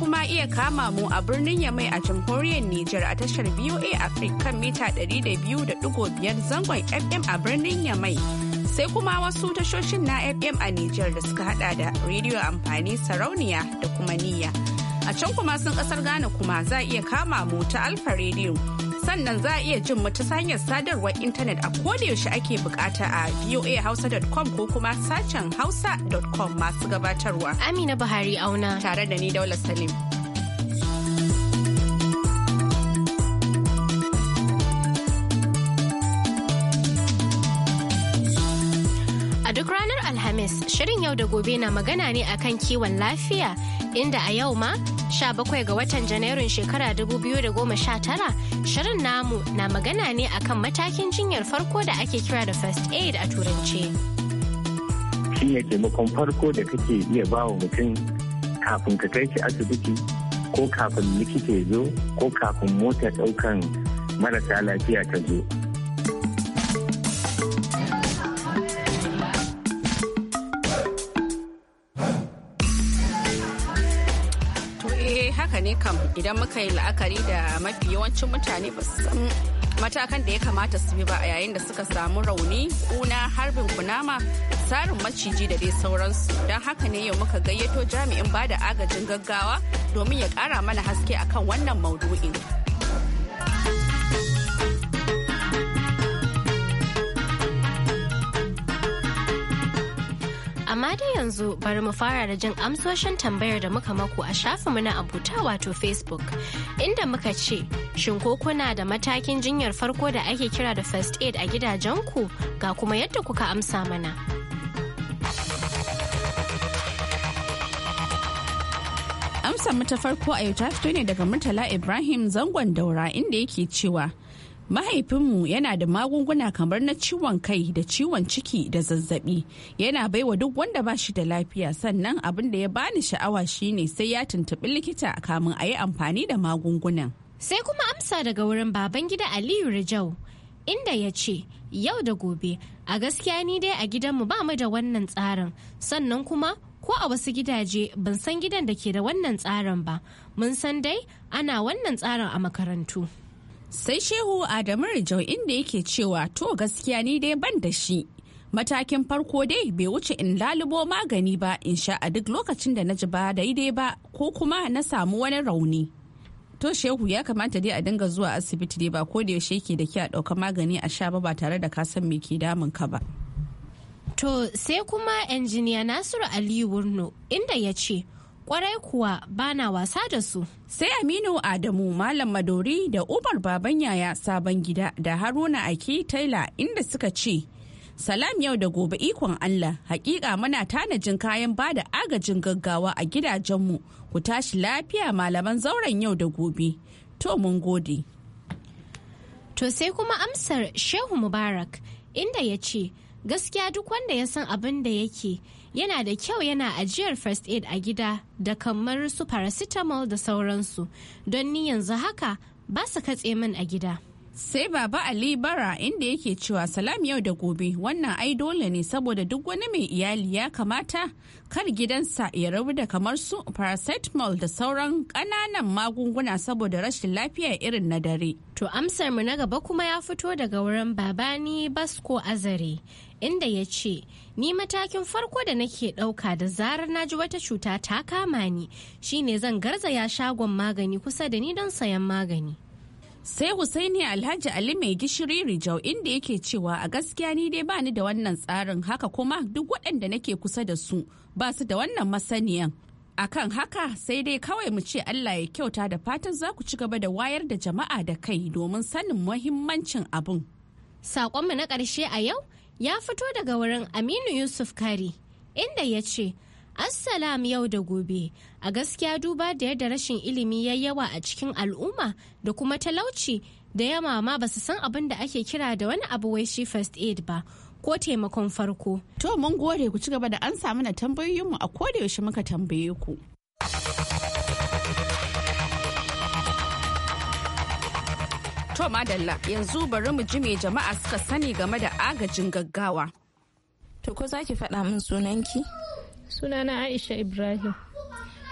kuma iya kama mu a birnin Yamai a jamhuriyar Nijar a tashar VOA Africa kan mita 200.5 zangon FM a birnin Yamai. Sai kuma wasu tashoshin na FM a Nijar da suka hada da rediyo amfani sarauniya da kuma niyya. A can kuma sun kasar Ghana kuma za iya kama mu ta Alfa rediyo sannan za a iya jin mu ta hanyar sadarwar intanet a kodayaushe ake bukata a voahausa.com ko kuma sashen hausa.com masu gabatarwa. Amina Buhari auna. Tare da ni daular Salim. A duk ranar Alhamis, shirin yau da gobe na magana ne akan kiwon lafiya, inda a yau ma 17 ga watan Janairun shekara 2019 shirin namu na magana ne akan matakin jinyar farko da ake kira da first aid a turance. Shi ne taimakon farko da kake iya ba wa mutum kafin ka kai shi asibiti ko kafin likita ya zo ko kafin mota ɗaukan marasa lafiya ta zo. idan muka yi la'akari da mafi yawancin mutane ba su san matakan da ya kamata su bi ba a yayin da suka samu rauni kuna harbin kunama tsarin maciji da dai sauransu don haka ne yau muka gayyato jami'in bada agajin gaggawa domin ya kara mana haske akan wannan maudu'in. Amma dai yanzu bari mu fara da jin amsoshin tambayar da muka mako a shafinmu na abuta wato Facebook inda muka ce shin ko kuna da matakin jinyar farko da ake kira da first aid a gidajenku ga kuma yadda kuka amsa mana. Amsa mu farko a yau ta fito ne daga Murtala Ibrahim zangon daura inda yake cewa mahaifinmu yana da magunguna kamar na ciwon kai da ciwon ciki da zazzabi yana baiwa duk wanda ba shi da lafiya sannan abin da ya bani sha'awa shine sai ya tuntuɓi likita kamin a yi amfani da magungunan sai kuma amsa daga wurin baban gida aliyu rijau inda ya ce yau da gobe a gaskiya ni dai a gidanmu ba mu da wannan tsarin sannan kuma ko a wasu gidaje ban san gidan da ke da wannan tsarin ba mun san dai ana wannan tsarin a makarantu Sai Shehu Adamu Rijau inda yake cewa to gaskiya ni dai ban da shi. Matakin farko dai bai wuce in lalubo magani ba in sha a duk lokacin da na ji ba daidai ba ko kuma na samu wani rauni. To Shehu ya kamata dai a dinga zuwa asibiti dai ba ko da yaushe yake da ke a ɗauka magani a sha ba ba tare da ka san me ke damun ka ba. To sai kuma injiniya Nasiru Aliyu Wurno inda ya ce Kwarai kuwa bana wasa da su. Sai Aminu Adamu Malam Madori da Umar Baban Yaya Sabon Gida da Haruna Aki Taila inda suka ce, Salam yau da gobe ikon Allah, hakika muna tanajin kayan ba da agajin gaggawa a gidajenmu, ku tashi lafiya malaman zauren yau da gobe. To mun gode. To sai kuma amsar Shehu Mubarak, inda ya ce, gaskiya duk wanda ya san abin da yake yana da kyau yana ajiyar first aid a gida da kamar su paracetamol da sauransu don ni yanzu haka ba su katse min a gida sai baba ali bara inda yake cewa salam yau da gobe wannan ai dole ne saboda duk wani mai iyali ya kamata kar gidansa ya rabu da kamar su paracetamol da sauran ƙananan magunguna saboda rashin lafiya irin na dare to amsar mu na gaba kuma ya fito daga wurin babani basko azare inda ya ce ni matakin farko da nake ɗauka da zarar na ji wata cuta ta kama ni shine zan garzaya shagon magani kusa da ni don sayan magani sai husaini alhaji ali mai gishiri rijau inda yake cewa a gaskiya ni dai bani da wannan tsarin haka kuma duk waɗanda nake kusa da su ba su da wannan masaniyan akan haka sai dai kawai mu ce allah ya kyauta da fatan za ku ci gaba da wayar da jama'a da kai domin sanin muhimmancin abun saƙonmu na ƙarshe a yau ya fito daga wurin aminu yusuf kari inda ya ce Assalam yau da gobe a gaskiya duba da yadda rashin ilimi ya yawa a cikin al'umma da kuma talauci da yamma ma ba su san abin da ake kira da wani abu wai shi first aid ba ko taimakon farko. To mun gode ku ci gaba da an samu na tambayoyinmu a yaushe muka tambaye ku. To madalla yanzu bari mu ji me jama'a suka sani game da agajin gaggawa. To ko za faɗa min sunanki? sunana aisha ibrahim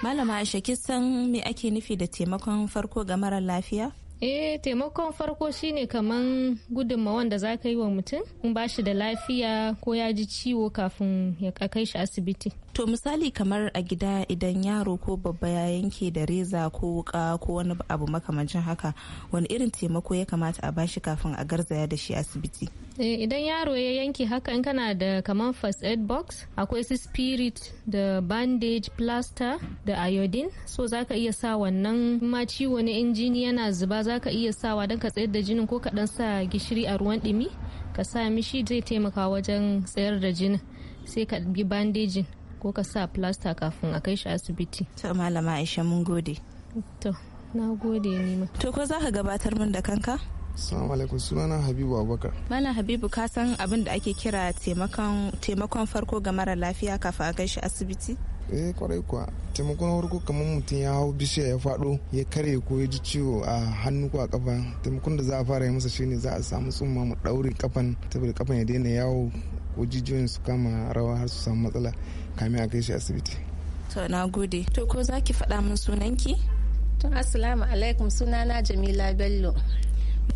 malama aisha kisan me ake nufi da taimakon farko ga mara lafiya eh taimakon farko shine kaman gudunma wanda za ka yi wa mutum in ba shi da lafiya ko ya ji ciwo kafin ya kai shi asibiti to misali kamar a gida idan yaro ko babba ya yanke da reza ko wuka ko wani abu makamancin haka wani irin taimako ya kamata a bashi kafin a garzaya da shi asibiti eh, idan yaro ya yanke haka in kana da kamar first aid box akwai su spirit da bandage plaster da iodine so zaka iya sa wannan ma ciwo ne in jini yana zuba zaka iya sawa don ka tsayar da jinin ko ka dan sa gishiri a ruwan dumi ka sa mishi zai taimaka wajen tsayar da jinin sai ka bi bandejin ko ka sa plasta kafin a kai shi asibiti to malama aisha mun gode to na gode ni ma to ko za ka gabatar min da kanka Assalamu alaikum sunana Habibu Abubakar. Malam Habibu ka san abin da ake kira taimakon farko ga mara lafiya kafin a kai shi asibiti? Eh kwarai kuwa taimakon farko kamar mutum ya hau bishiya ya fado ya kare ko ya ji ciwo a hannu ko a kafa taimakon da za a fara yi masa shine za a samu tsumma mu daure kafan saboda kafan ya daina yawo ko jijiyoyin su kama rawa har su samu matsala kamin a shi asibiti to na gode to ko za ki faɗa min sunanki to assalamu alaikum sunana jamila bello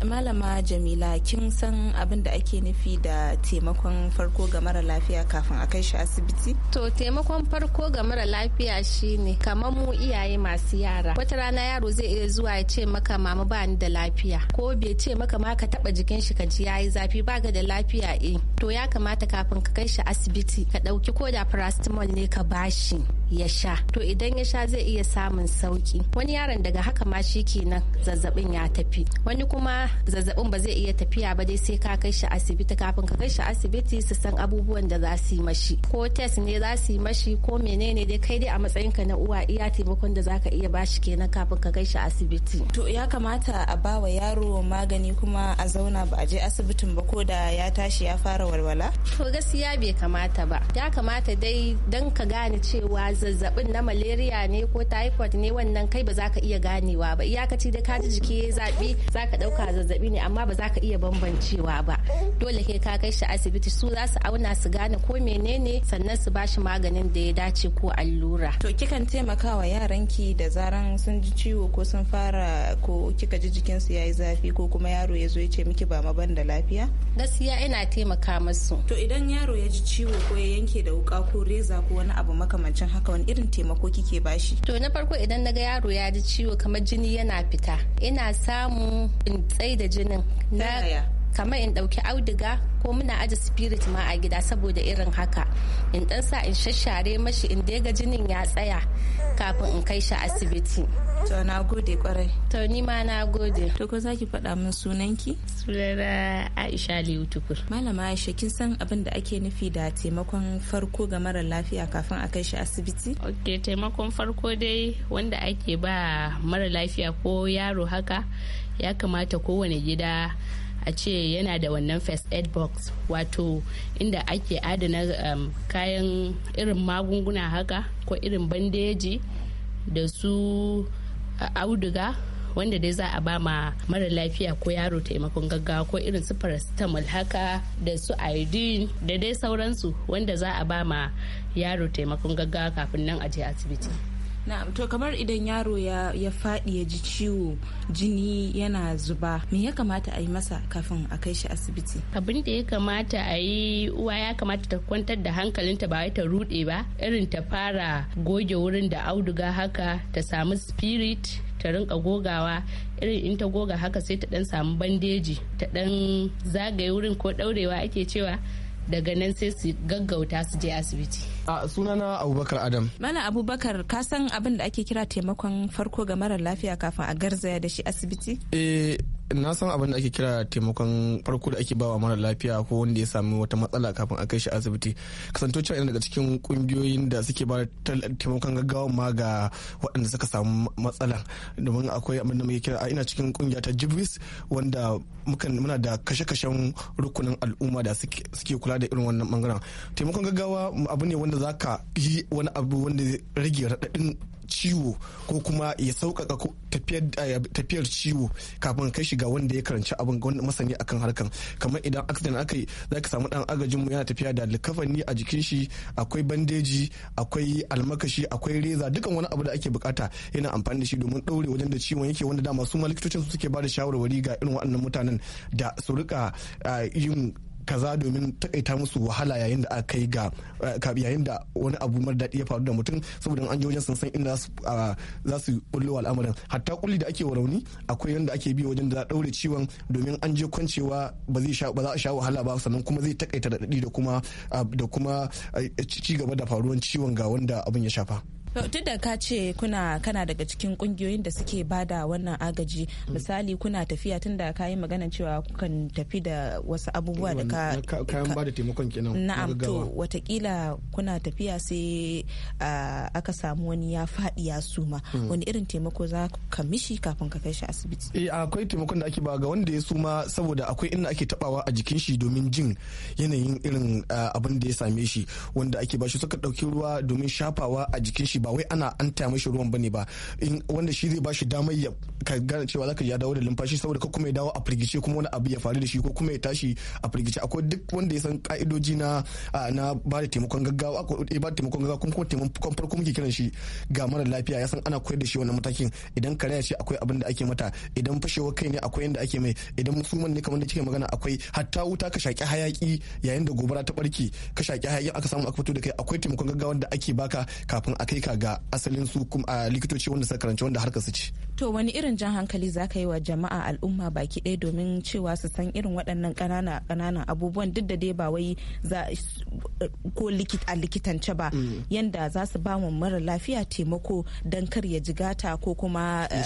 malama jamila kin san abin da ake nufi da taimakon farko ga mara lafiya kafin a kai shi asibiti to taimakon farko ga mara lafiya shine kamar mu iyaye masu yara wata rana yaro zai iya zuwa ya ce maka mama ba ni da lafiya ko bai ce maka ma ka taba jikin shi ka ji yayi zafi baka da lafiya eh to ya kamata kafin ka kai shi asibiti ka dauki ko da paracetamol ne ka bashi ya sha to idan ya sha zai iya samun sauki wani yaron daga haka ma shi kenan zazzabin ya tafi wani kuma zazzabin ba zai iya tafiya ba dai sai ka kai shi asibiti kafin ka kai shi asibiti su san abubuwan da za su yi mashi ko test ne za su yi mashi ko menene dai kai dai a matsayin ka na uwa iya taimakon da zaka iya bashi kenan kafin ka kai shi asibiti to ya kamata a ba wa yaro magani kuma a zauna ba a je asibitin ba ko da ya tashi ya fara walwala to gaskiya bai kamata ba ya kamata dai dan ka gane cewa zazzabin na malaria ne ko typhoid ne wannan kai ba za ka iya ganewa ba iyakaci da ka ji jiki ya zaɓi za ka ɗauka zazzabi ne amma ba za ka iya bambancewa ba dole ke ka kai shi asibiti su za su auna su gane ko menene sannan su ba shi maganin da ya dace ko allura. To kikan taimaka wa yaranki da zaran sun ji ciwo ko sun fara ko kika ji jikinsu ya yi zafi ko kuma yaro ya zo ya ce miki ba maban da lafiya? Gaskiya ina taimaka masu. To idan yaro ya ji ciwo ko ya yanke da wuka ko reza ko wani abu makamancin haka haka wani irin taimako kike bashi to na farko idan naga yaro ya ji ciwo kamar jini yana fita ina samu in da jinin na kamar in ɗauki auduga ko muna aji spirit ma a gida saboda irin haka in ɗan sa in shashare mashi in dai jinin ya tsaya kafin in kai shi asibiti to na gode kwarai to ni ma na gode to ko zaki faɗa min sunanki sunana Aisha Aliyu tukur malama Aisha kin san abin da ake nufi da taimakon farko ga mara lafiya kafin a kai shi asibiti ok taimakon farko dai wanda ake ba mara lafiya ko yaro haka ya kamata kowane gida a ce yana da wannan first aid box wato inda ake adana um, kayan irin magunguna haka ko irin bandeji da su auduga wanda dai za a ba ma mara lafiya ko yaro taimakon gaggawa ko irin su paracetamol haka da su iodine da dai sauransu wanda za a ba ma yaro taimakon gaggawa kafin nan a je asibiti. na'am to kamar idan yaro ya ya faɗi ya ji ciwo jini yana zuba me ya kamata a yi masa kafin a kai shi asibiti abin da ya kamata a yi uwa ya kamata ta kwantar da hankalinta ba wai ta rude ba irin ta fara goge wurin da auduga haka ta samu spirit ta rinka gogawa irin in ta goga haka sai ta dan samu bandeji ta dan zagaye wurin ko daurewa ake cewa daga nan sai su gaggauta su je asibiti a sunana abubakar adam mana abubakar ka san abin da ake kira taimakon farko ga mara lafiya kafin a garzaya da shi asibiti eh na san abin da ake kira taimakon farko da ake bawa mara lafiya ko wanda ya sami wata matsala kafin a kai shi asibiti kasanto cewa daga cikin kungiyoyin da suke ba taimakon gaggawa ma ga waɗanda suka samu matsala domin akwai abin da muke kira a ina cikin kungiya ta jibris wanda muna da kashe-kashen rukunin al'umma da suke kula da irin wannan bangaren taimakon gaggawa abu ne wanda zaka yi wani abu wanda rage raɗaɗin ciwo ko kuma ya sauƙaƙa eh, tafiyar ciwo kafin kai shiga wanda ya karanci abin wanda masani akan harkan kamar idan accident aka yi za ka samu dan agajin mu yana tafiya da likafani a jikin shi akwai bandeji akwai almakashi akwai reza dukan wani abu da ake bukata yana amfani da shi domin ɗaure wajen da ciwon yake wanda dama su ma likitocin su suke ba da shawarwari ga irin waɗannan mutanen da su rika eh, yin kaza domin takaita musu wahala yayin da aka yi ga yayin da wani abu mara daɗi ya faru da mutum saboda an je wajen sun san inda za su bullo al'amarin hatta kulli da ake warauni akwai yanda ake bi wajen da daure ciwon domin an je kwancewa ba za a sha wahala ba sannan kuma zai takaita da da kuma da kuma ci gaba da faruwan ciwon ga wanda abin ya shafa. tun da ka ce kuna kana daga cikin kungiyoyin da suke bada wannan agaji mm. misali kuna tafiya tun da ka yi magana cewa kukan tafi da wasu abubuwa da ka kayan bada taimakon kenan na to watakila kuna tafiya sai aka samu wani ya faɗi ya suma mm. wani irin taimako za ka mishi kafin ka kai shi asibiti eh akwai taimakon da ake ba ga wanda ya suma saboda akwai inda ake tabawa a jikin shi domin jin yanayin irin abin da ya same shi wanda ake ba shi suka dauki ruwa domin shafawa a jikin shi shi ba wai ana an taya mishi ruwan bane ba in wanda shi zai bashi damar ya ka gane cewa zaka ya dawo da lumfashi saboda ka kuma ya dawo a firgice kuma wani abu ya faru da shi ko kuma ya tashi a firgice akwai duk wanda ya san ka'idoji na na ba da taimakon gaggawa akwai ba da taimakon gaggawa kuma taimakon farko muke kiran shi ga mara lafiya ya san ana koyar da shi wannan matakin idan ya ce akwai abin da ake mata idan fashewar kai ne akwai yanda ake mai idan musulman ne kamar da kike magana akwai hatta wuta ka shaki hayaki yayin da gobara ta barke ka shaki hayaki aka samu aka fito da kai akwai taimakon gaggawa da ake baka kafin a kai ga asalin su kuma likitoci wanda suka karanci wanda harkar su ce to wani irin jan hankali za ka yi wa jama'a al'umma baki ɗaya domin cewa su san irin waɗannan ƙanana ƙananan abubuwan duk da dai ba wai za ko a likitance ba mm. yanda za su ba mu mara lafiya taimako don kar ya jigata ko kuma eh,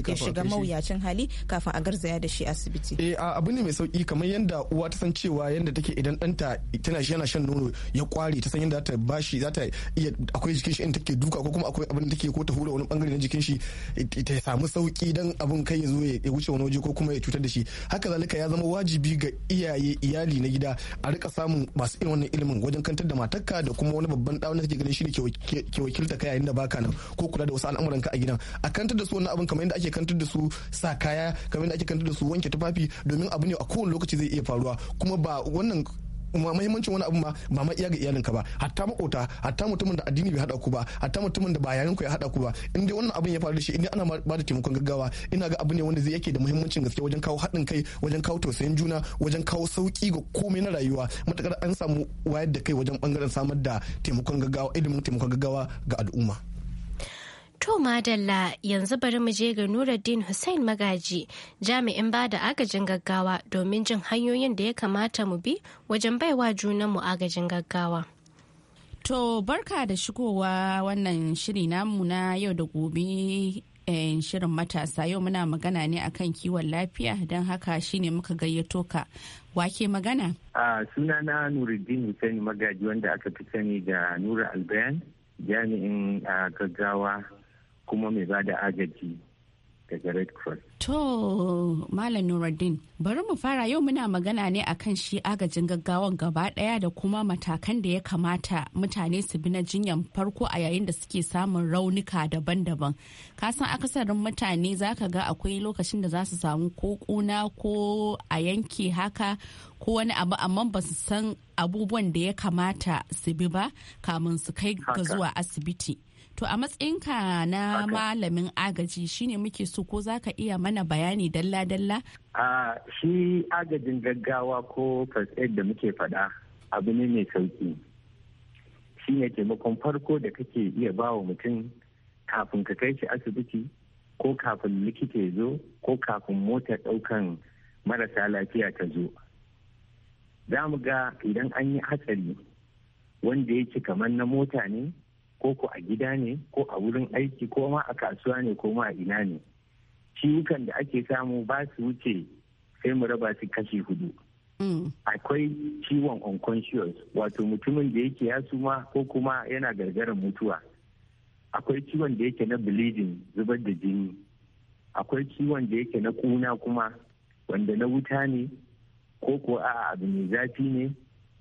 ya shiga mawuyacin hali kafin a garzaya da shi asibiti eh abu ne mai sauki kamar yanda uwa ta san cewa yanda take idan ɗanta tana yana shan nono ya kware ta san yanda za ta bashi za ta iya akwai jikin shi take duka ko kuma akwai abin da take ko ta hura wani bangare na jikin shi eh, ta samu sauki dan abin kai ya zo ya wuce wani waje ko kuma ya cutar da shi haka zalika ya zama wajibi ga iyaye iyali na gida a rika samun masu irin wannan ilimin wajen kantar da matarka da kuma wani babban dawo na take ganin shi ne ke wakilta kai yayin da baka nan ko kula da wasu al'amuran ka a gidan a kantar da su wannan abin kamar yadda ake kantar da su sa kaya kamar yadda ake kantar da su wanke tufafi domin abu ne a kowane lokaci zai iya faruwa kuma ba wannan muhimmancin wani abu ma ba ma iya ga iyalinka ba hatta makota hatta mutumin da addini bai hada ku ba hatta mutumin da ba yayin ku ya hada ku ba in dai wannan abin ya faru da shi in ana ba da taimakon gaggawa ina ga abu ne wanda zai yake da muhimmancin gaske wajen kawo haɗin kai wajen kawo tausayin juna wajen kawo sauki ga komai na rayuwa matakar an samu wayar da kai wajen bangaren samar da taimakon gaggawa ilimin taimakon gaggawa ga al'umma To Madalla yanzu bari mu je ga Nuruddin Hussein Magaji jami'in ba da agajin gaggawa domin jin hanyoyin da ya kamata mu bi wajen baiwa junanmu agajin gaggawa. To barka da shigowa wannan shiri namu na yau da gobe eh, shirin matasa yau muna magana ne akan kiwon lafiya don haka shine muka gayyato ka wake magana. A sunana Nuruddin Hussein Magaji wanda aka fi sani da Nura Albayan jami'in ah, gaggawa kuma mai ba da agaji daga red cross to malam nuruddin bari mu fara yau muna magana ne akan shi agajin gaggawan gaba daya da kuma matakan da ya kamata mutane su bi na jinyan farko a yayin da suke samun raunuka daban-daban kasan akasarin mutane zaka ga akwai lokacin da za su samu ko kuna ko a yanke haka ko wani abu amma ba su san abubuwan da ya kamata su bi ba kamun su kai ga zuwa asibiti To a ka na malamin agaji shine muke so ko zaka iya mana bayani dalla-dalla? A shi agajin gaggawa ko first da muke faɗa abu ne mai sauki. Shi ne taimakon farko da kake iya ba wa mutum kafin ka kai shi asibiti ko kafin likita ya zo ko kafin mota ɗaukan marasa lafiya ta zo. Za mu ga idan an yi hatsari wanda yake kamar na mota ne ko ko a gida ne ko a wurin aiki ko ma a kasuwa ne ko ma a ina ne ciwukan da ake samu ba su wuce sai mu raba su kashi hudu mm. akwai ciwon unconscious wato mutumin da yake ya suma ko kuma yana gargaran mutuwa akwai ciwon da yake na bleeding zubar da jini akwai ciwon da yake na kuna kuma wanda na wuta ne ko ko a abu mai zafi ne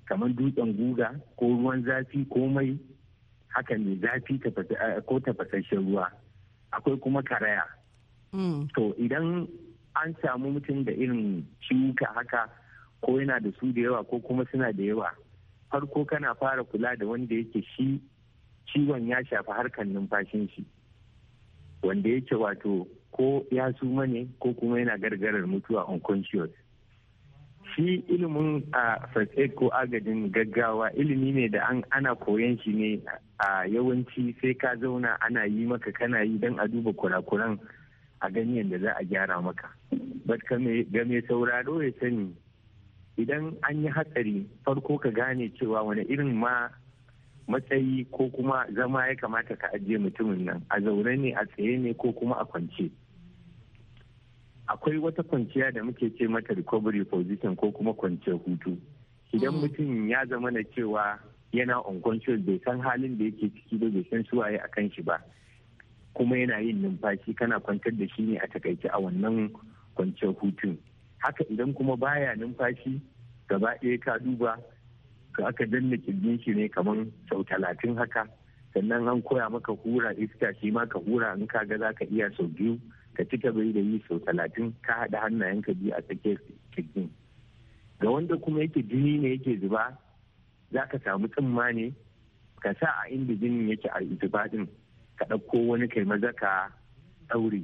kamar dutsen guga ko ruwan zafi ko mai haka ne zafi eh, ko tafasasshen ruwa akwai kuma karaya hmm. to idan an samu mutum da irin ciwuka haka ko yana da su da yawa ko kuma suna da yawa farko kana fara kula da wanda yake shi ciwon ya shafi harkar numfashin shi wanda yake wato ko ya suma ne ko kuma yana gargarar mutuwa unconscious shi ilimin a ah, first ko agajin gaggawa ilimi ne da ana koyon shi ne a yawanci sai ka zauna ana yi maka kana yi don a duba kurakuran a gani yadda za a gyara maka bat ga mai sauraro ya sani idan an yi hatsari farko ka gane cewa wani irin ma matsayi ko kuma zama ya kamata ka ajiye mutumin nan a zaune ne a tsaye ne ko kuma a kwance akwai wata kwanciya da muke ce mata recovery position ko kuma kwanciyar hutu idan mm. mutum ya zama na cewa yana unconscious bai san halin da yake ciki ba bai san suwaye a kan shi ba kuma yana yin numfashi kana kwantar da shi ne a takaice a wannan kwanciyar hutun haka idan kuma baya numfashi gaba ɗaya ka duba ka aka danna kirgin shi ne kamar sau talatin haka sannan an koya maka hura iska shi ma ka hura in ka ga za ka iya sau biyu ka cika bai da yi sau talatin ka haɗa hannayen ka biyu a tsakiyar kirgin ga wanda kuma yake jini ne yake zuba za ka samu tsumma ne ka sa a inda jinin yake a itibadin ka ɗauko wani kai maza ka ɗaure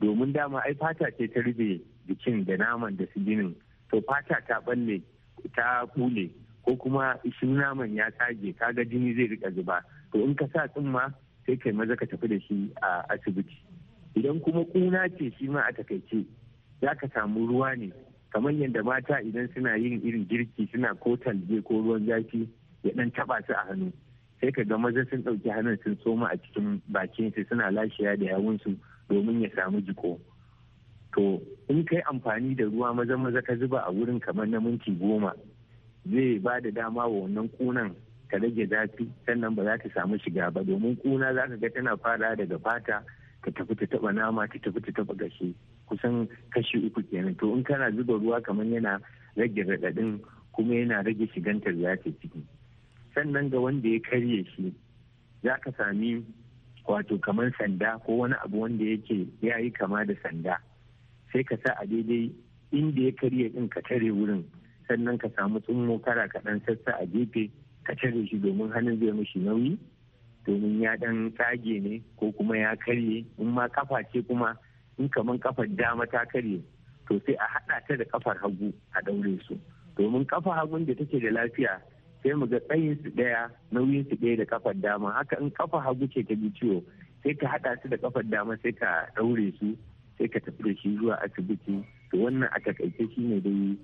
domin dama ai fata ce ta rufe jikin da naman da su jinin to fata ta balle ta kule ko kuma shi naman ya tsage kaga jini zai rika zuba to in ka sa tsumma sai kai maza ka tafi da shi a asibiti idan kuma kuna ce shi ma a takaice za ka samu ruwa ne kamar yadda mata idan suna yin irin girki suna ko talge ko ruwan zafi ya dan taba su a hannu sai ka ga maza sun ɗauki hannun sun soma a cikin bakin su suna lashiya da yawun su domin ya samu jiko to in kai amfani da ruwa maza maza ka zuba a wurin kamar na minti goma zai ba da dama wa wannan kunan ka rage zafi sannan ba za ta samu shiga ba domin kuna za ka ga tana fara daga fata ta tafi ta taba nama ta tafi ta taba gashi kusan kashi uku kenan to in kana zuba ruwa kamar yana rage raɗaɗin kuma yana rage shigantar ya ce ciki sannan ga wanda ya karye shi za ka sami wato kamar sanda ko wani abu wanda yake ya yi kama da sanda sai ka sa a daidai inda ya karye din ka tare wurin sannan ka samu tsummo kara kaɗan sassa a gefe ka tare shi domin hannun zai mashi nauyi domin ya ɗan tsage ne ko kuma ya karye in ma kafa ce kuma in kamar kafar dama ta karye to sai a haɗa ta da kafar hagu a ɗaure su domin kafa hagun da take da lafiya sai mu ga tsayin su ɗaya nauyin su ɗaya da kafar dama haka in kafa hagu ce ta bi ciwo sai ka haɗa su da kafar dama sai ka ɗaure su sai ka tafi da shi zuwa asibiti to wannan a takaice shi ne dai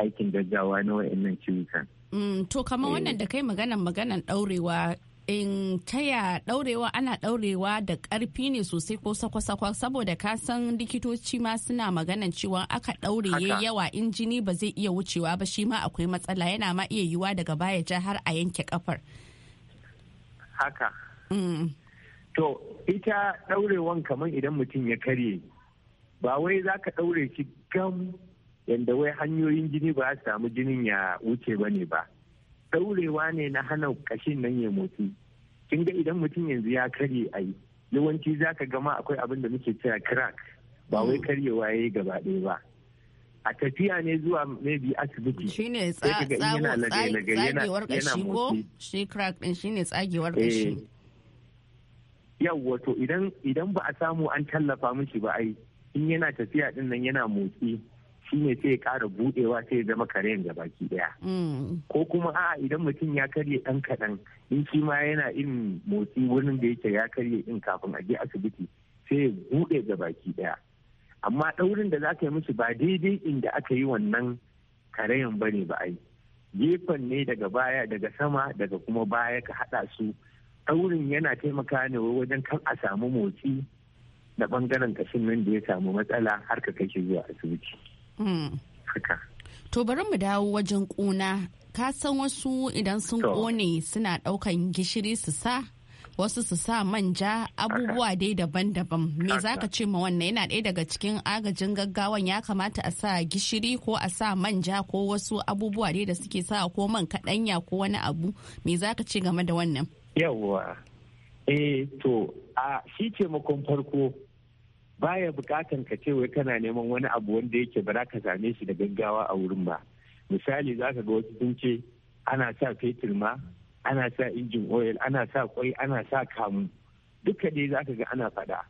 aikin gaggawa na wayannan ciwukan. Mm, to kamar wannan eh. da kai maganan maganan ɗaurewa in taya daurewa ana daurewa da karfi ne sosai ko sakwa-sakwa saboda ka san likitoci ma suna maganan cewa aka daure yawa in jini ba zai iya wucewa ba shi ma akwai matsala yana ma iya yiwa daga baya ja har a yanke kafar haka mm. to ita daurewan kamar idan mutum ya karye ba wai za ka daure shi gam yadda wai hanyoyin jini ba a samu jinin ya wuce ba ne ba daurewa ne na hana kashin nan ya motsi kin ga idan mutum yanzu ya karye ayi yawanci za ka gama akwai abin da muke cewa crack ba wai mm. karyewa ya yi gaba ɗaya ba a tafiya ne zuwa maybe asibiti ne tsagewar eh. kashi ko shi crack din ne tsagewar kashi yau wato idan ba a samu an tallafa mishi ba ai in yana tafiya din nan yana motsi shi ne sai ya kara budewa sai ya zama karen ga baki daya mm. Ko kuma a idan mutum ya karye ɗan kaɗan in shi ma yana in motsi wurin da yake ya karye in kafin a je asibiti sai ya bude ga baki daya Amma ɗaurin da za ka yi musu ba daidai inda aka yi wannan karayan ba ne ba ai. Gefen ne daga baya daga sama daga kuma baya ka haɗa su ɗaurin yana taimaka ne wajen kan a samu motsi da bangaren kashin nan da ya samu matsala har ka kai shi zuwa asibiti. Hmm. To bari mu dawo wajen ƙuna. Ka san wasu idan sun ƙone suna ɗaukan gishiri su sa, wasu su sa manja abubuwa dai daban-daban. Me za ka ce ma wannan yana ɗaya daga cikin agajin gaggawan ya kamata a sa gishiri ko a sa manja ko wasu abubuwa dai da suke sa ko man kaɗanya ko wani abu. Me za ka ce game da wannan? Yawwa. Eh to a shi taimakon farko baya bukatan ka ce wai kana neman wani abu wanda yake ba za ka same shi da gaggawa a wurin ba misali za ka ga wasu sun ce ana sa fetur ma ana sa injin oil ana sa kwai ana sa kamu duka dai za ka ga ana fada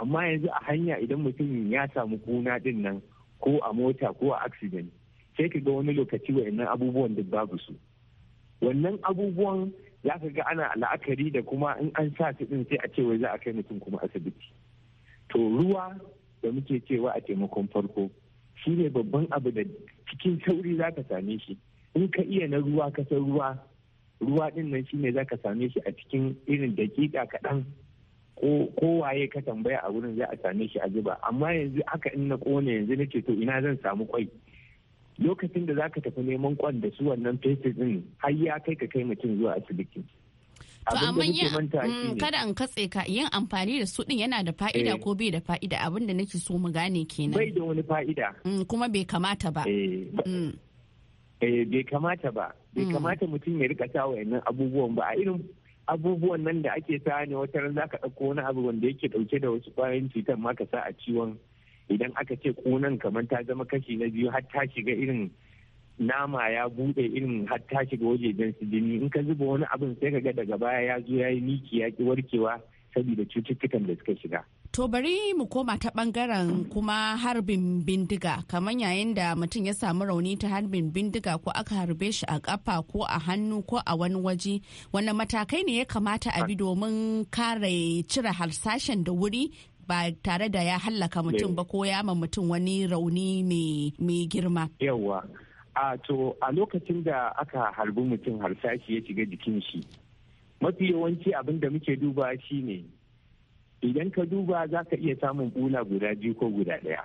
amma yanzu a hanya idan mutum ya samu kuna din nan ko a mota ko a accident sai ka ga wani lokaci wa'annan abubuwan duk babu su wannan abubuwan za ka ga ana la'akari da kuma in an sa su din sai a ce wai za a kai mutum kuma asibiti to ruwa da muke cewa a taimakon farko shi ne babban abu da cikin sauri za ka same shi in ka iya na ruwa san ruwa ruwa din nan shi ne za ka same shi a cikin irin dakika kaɗan ko waye ka tambaya a wurin za a same shi a zuba amma yanzu haka in na kone yanzu na ce to ina zan samu kwai lokacin da za ka tafi neman kwan da su wannan fesis din har ya kai ka kai mutum zuwa asibiti To amma mm, kada in katse ka yin amfani da su din yana da fa'ida eh. ko bai da fa'ida abinda nake so mu gane kenan. Bai da wani fa'ida. Mm, kuma bai kamata ba. Eh, mm. eh bai kamata ba. Bai kamata mutum ya rika sa wa'annan abubuwan ba a irin abubuwan nan da ake sa ne wata ran zaka ɗauko wani abu wanda yake ɗauke da wasu bayan cutar ma ka sa a ciwon idan aka ce kunan kamar ta zama kashi na biyu har ta shiga irin nama ya bude irin har ga shiga wajejen su jini in ka zuba wani abin sai ka ga daga baya ya zo ya yi miki ya ki warkewa saboda cututtukan da suka shiga. To bari mu koma ta bangaren kuma harbin bindiga kamar yayin da mutum ya samu rauni ta harbin bindiga ko aka harbe shi a kafa ko a hannu ko a wani waje wani matakai ne ya kamata a bi domin kare cire harsashen da wuri ba tare da ya hallaka mutum eh. ba ko ya ma mutum wani rauni mai girma. Yawwa a to a lokacin da aka harbi mutum harsashi ya shiga jikin shi mafi yawanci abin da muke duba shi ne idan ka duba za ka iya samun bula guda biyu ko guda ɗaya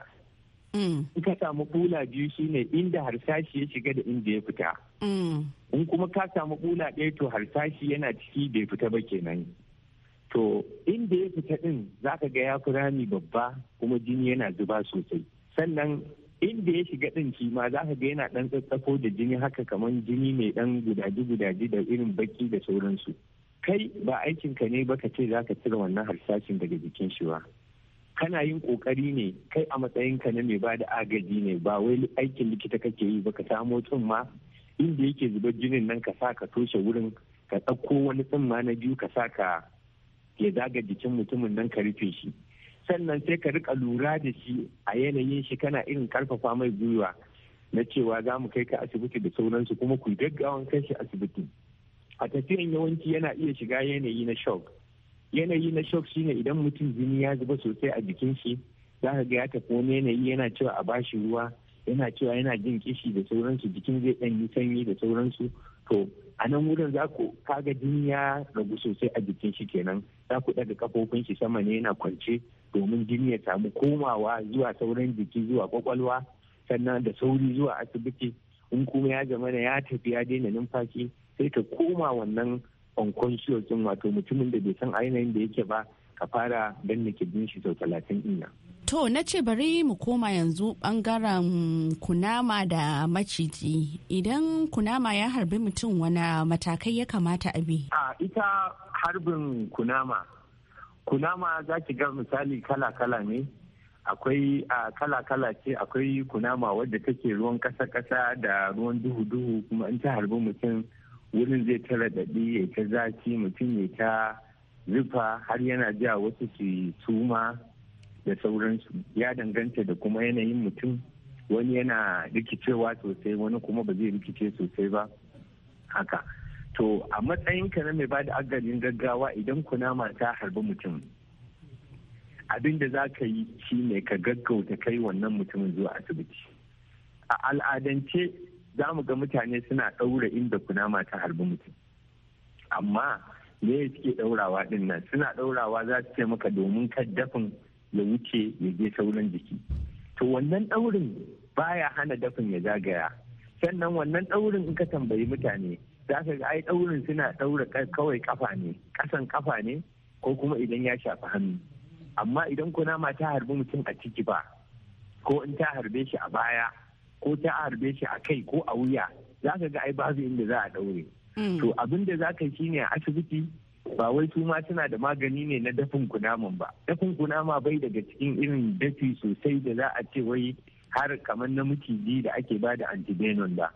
mm. in ka samu bula biyu ne inda harsashi ya shiga da inda ya fita mm. in kuma ka samu bula ɗaya to harsashi yana ciki bai fita ba kenan to inda ya fita ɗin za ka ga ya fi rami babba kuma jini yana zuba sosai sannan inda ya shiga ɗin shi ma za ka ga yana ɗan tsatsafo da jini haka kamar jini mai dan gudaje-gudaje da irin baki da sauransu kai ba aikinka ne ba ka ce za ka cire wannan harsashin daga jikin shi ba kana yin kokari ne kai a matsayin ka na mai ba da agaji ne ba wai aikin likita kake yi ba ka samo tsumma inda yake zubar jinin nan ka sa ka toshe wurin ka ɗauko wani tsumma na biyu ka sa ka ya zaga jikin mutumin nan ka rufe shi sannan sai ka rika lura da shi a yanayin shi kana irin karfafa mai gwiwa na cewa za mu kai ka asibiti da sauransu kuma ku gaggawan kai shi asibiti a tafiyan yawanci yana iya shiga yanayi na shock yanayi na shock shine idan mutum jini ya zuba sosai a jikin shi za ka ga ya tafi wani yanayi yana cewa a bashi ruwa yana cewa yana jin kishi da sauransu jikin zai dan yi sanyi da sauransu to a nan wurin za ku kaga jini ya ragu sosai a jikin shi kenan za ku daga kafofin shi sama ne yana kwance domin jini ya samu komawa zuwa sauran jiki zuwa kwakwalwa sannan da sauri zuwa asibiti in kuma ya zama ya tafi ya daina numfashi sai ka koma wannan unconscious din wato mutumin da bai san ainihin da yake ba ka fara danna kirjin shi sau talatin ina. To na ce bari mu koma yanzu bangaren kunama da maciji idan kunama ya harbi mutum wani matakai ya kamata a bi. A ita harbin kunama kunama za ki ga misali kala-kala ne akwai a kala-kala ce akwai kunama wadda take ruwan kasa-kasa da ruwan duhu-duhu kuma in ta harbi mutum wurin zai tara daɗi ya ta zaki mutum ya ta zufa har yana jiya wasu su suma da sauransu ya danganta da kuma yanayin mutum wani yana rikicewa sosai wani kuma ba zai rikice sosai ba haka to a matsayinka na mai ba da agajin gaggawa idan kunama ta harbi mutum abin da za ka yi shi ne ka gaggauta kai wannan mutumin zuwa asibiti a al'adance za mu ga mutane suna ɗaura inda kunama ta harbi mutum amma me suke ɗaurawa ɗin nan suna ɗaurawa za su ce maka domin ka dafin ya wuce ya je sauran jiki to wannan ɗaurin baya hana dafin ya zagaya sannan wannan ɗaurin in ka tambayi mutane za ka ga ai ɗaurin suna ɗaura kawai kafa ne ƙasan kafa ne ko kuma idan ya shafi hannu amma idan kunama ta harbi mutum a ciki ba ko in ta harbe shi a baya ko ta harbe shi a kai ko a wuya za ka ga ai babu inda za a ɗaure mm. to abin da za ka yi shine a asibiti ba wai su ma suna da magani ne na dafin kunaman ba dafin kunama bai daga cikin irin dafi sosai da za a ce wai har kamar na maciji da ake ba da antivenom ba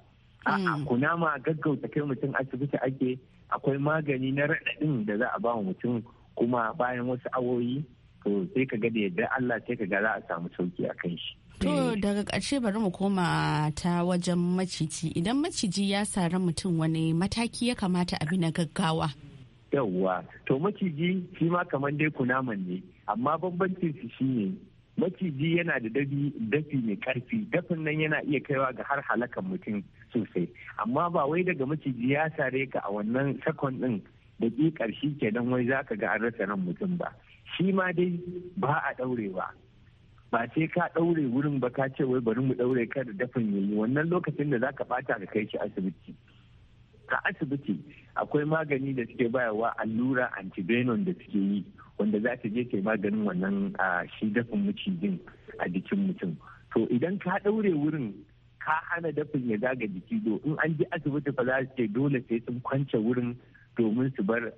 Mm. kuna kunama gaggauta kai mutum asibiti ake akwai magani na raɗaɗin da za a ba mutum kuma bayan wasu awoyi to sai ka ga yadda Allah sai ka ga a samu sauki a kan shi. To mm. daga ƙarshe bari mu koma ta wajen maciji idan maciji ya sari mutum wani mataki ya kamata a bi na gaggawa. Yawwa to maciji shi ma kamar dai kunaman ne amma bambancin shi shine maciji yana da dafi mai karfi dafin nan yana iya kaiwa ga har halakan mutum sosai amma ba wai daga maciji ya sare ka a wannan sakon din dakikar ke don wai za ka ga an rasa ran mutum ba shi ma dai ba a daurewa ba sai ka daure wurin ba ka ce wai bari mu daure ka da dafin yayi wannan lokacin da za ka bata ka kai shi asibiti a asibiti akwai magani da suke bayarwa allura antibenon da suke yi wanda za ta je ta maganin wannan shi dafin macijin a jikin mutum to idan ka ɗaure wurin ka hana dafin ya zaga jiki do in an je asibiti fa za ce dole sai sun kwance wurin domin su bar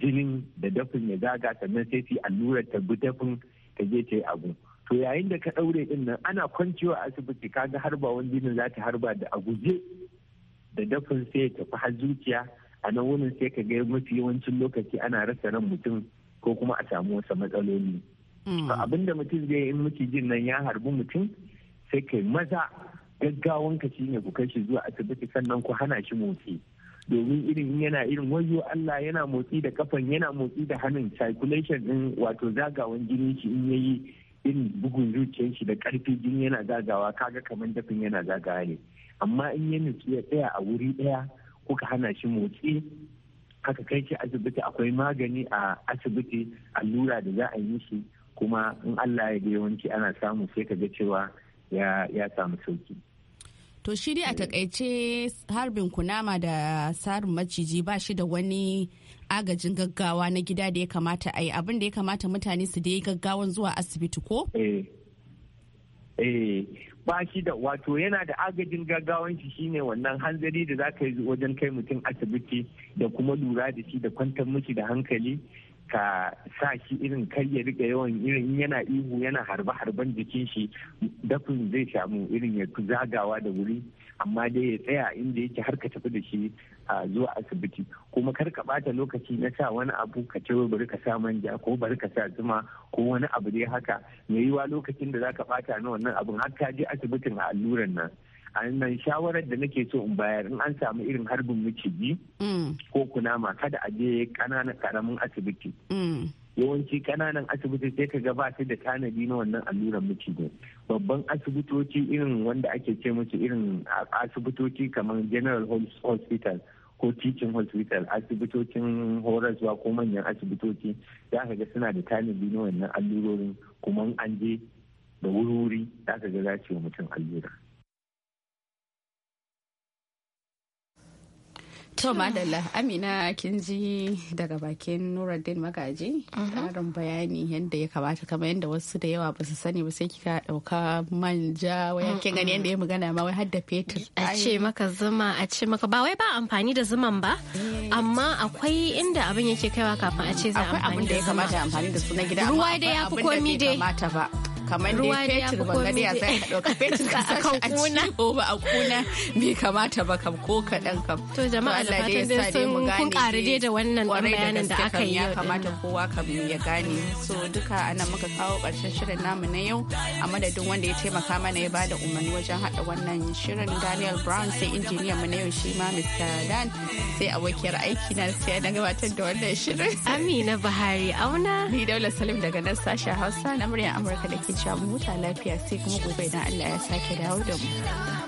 jinin da dafin ya zaga sannan sai su allurar ta bi dafin ta je ta yi abu to yayin da ka ɗaure din nan ana kwancewa asibiti kaga harba wani jinin za ta harba da a guje da dafin sai ya tafi har zuciya a nan wurin sai ka ga mafi yawancin lokaci ana rasa ran mutum ko kuma a samu wasu matsaloli. Hmm. abin da mutum zai yi in macijin nan ya harbi mutum sai kai maza gaggawan ka shine ku kai shi zuwa asibiti sannan ku hana shi motsi domin irin yana irin wayo Allah yana motsi da kafan yana motsi da hannun circulation din wato zagawan jini shi in yayi irin bugun zuciyar shi da karfi jini yana zagawa kaga kamar dafin yana zagawa ne amma in ya nutsu ya tsaya a wuri ɗaya kuka hana shi motsi haka kai shi asibiti akwai magani a asibiti allura da za a yi shi kuma in allah ya yawanci ana samu sai ka ga cewa ya samu sauki to shi dai a takaice harbin kunama da sarin maciji ba shi da wani agajin gaggawa na gida da ya kamata a yi abin da ya kamata mutane su da ya gaggawan zuwa asibiti ko? eh, eh ba shi da wato yana da agajin gaggawanci shine wannan hanzari da za ka yi wajen kai mutum asibiti da kuma lura da shi da kwantar miki da hankali ka sa shi irin kar ya rika yawan irin yana ihu yana harbe harben jikin shi dafin zai samu irin ya zagawa da wuri amma dai ya tsaya inda yake har ka tafi da shi a zuwa asibiti kuma kar ka bata lokaci na sa wani abu ka ce bari ka sa manja ko bari ka sa zuma ko wani abu dai haka me yiwa lokacin da za zaka bata na wannan abun har ka je asibitin a alluran nan a nan shawarar da nake so in bayar in an samu irin harbin miciji mm. ko kunama kada a je kananan karamin asibiti mm. yawanci kananan asibiti sai ka gaba su da tanadi na wannan alluran miciji babban asibitoci irin wanda ake ce musu irin asibitoci kamar general hospital ko teaching hospital asibitocin horaswa ko manyan asibitoci za ka ga suna da tanadi na wannan allurorin kuma an je da wuri-wuri za ka ga za mutum allura. To madalla Amina kin ji daga bakin Nuruddin Magaji mhm. ƙarin bayani yadda ya kamata kamar yadda wasu da yawa ba su sani ba sai kika ɗauka manja wai kin gani yadda ya magana ma wai hadda fetur. A ce maka zuma a ce maka ba wai ba amfani da zuman ba amma akwai inda abin yake kaiwa kafin a ce za a amfani da zuma. Akwai abin da ya kamata amfani da gida. fi komi dai. Kamata ba. kamar dai fetur ban a sai ɗauka fetur ka sa a kuna ba a kuna bai kamata ba kam ko kaɗan kam. To jama'a da fatan dai sun kun ƙari dai da wannan bayanin da aka yi. Ya kamata kowa kam ya gane. So duka ana muka kawo ƙarshen shirin namu na yau a madadin wanda ya taimaka mana ya bada umarni wajen haɗa wannan shirin Daniel Brown sai injiniyan mu na yau shi ma Mr. Dan sai abokiyar aiki na sai na gabatar da wannan shirin. Amina Buhari auna. Ni Daula Salim daga nan sashen Hausa na muryar Amurka da ke nake cewa mu huta lafiya sai kuma gobe idan Allah ya sake dawo da mu.